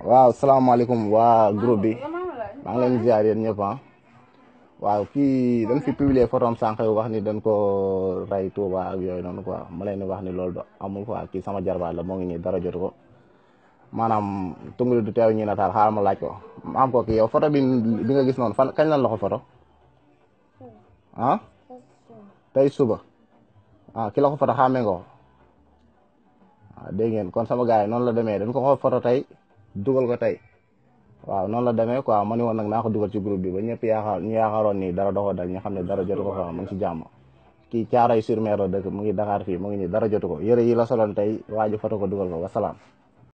waaw salaamaaleykum waa groupe bi maa ngi leen di ziar yéen ñëpp ah. waaw kii dañ fi publier photo am sànq wax ni dañ ko rey Touba yooyu noonu quoi ma leen di wax ni lool do amul quoi kii sama jarbaat la moo ngi nii dara jotu ko maanaam tunguli du teew ñi nataal xaaral ma laaj ko ma ko kii yow foto bi bi nga gis noon fan kañ lan la ko photo ah? tey suba ah ki la ko photo xàmmee nga ko waaw ah, kon sama gars yi noon la demee dañ ko ko photo tey dugal ko tey waaw noonu la demee quoi ma ne woon nag na ko dugal ci groupe bi ba ñëpp yaakaar ñu yaakaaroon ni dara doxoo dal ñu xam ne dara jotu ko fa mu ngi ci jàmm ki caaray sur mer la dëkk mu ngi Dakar fii mu ngi nii dara jotu ko yëre yi la soloon tey waaju foto ko dugal ko wasalaam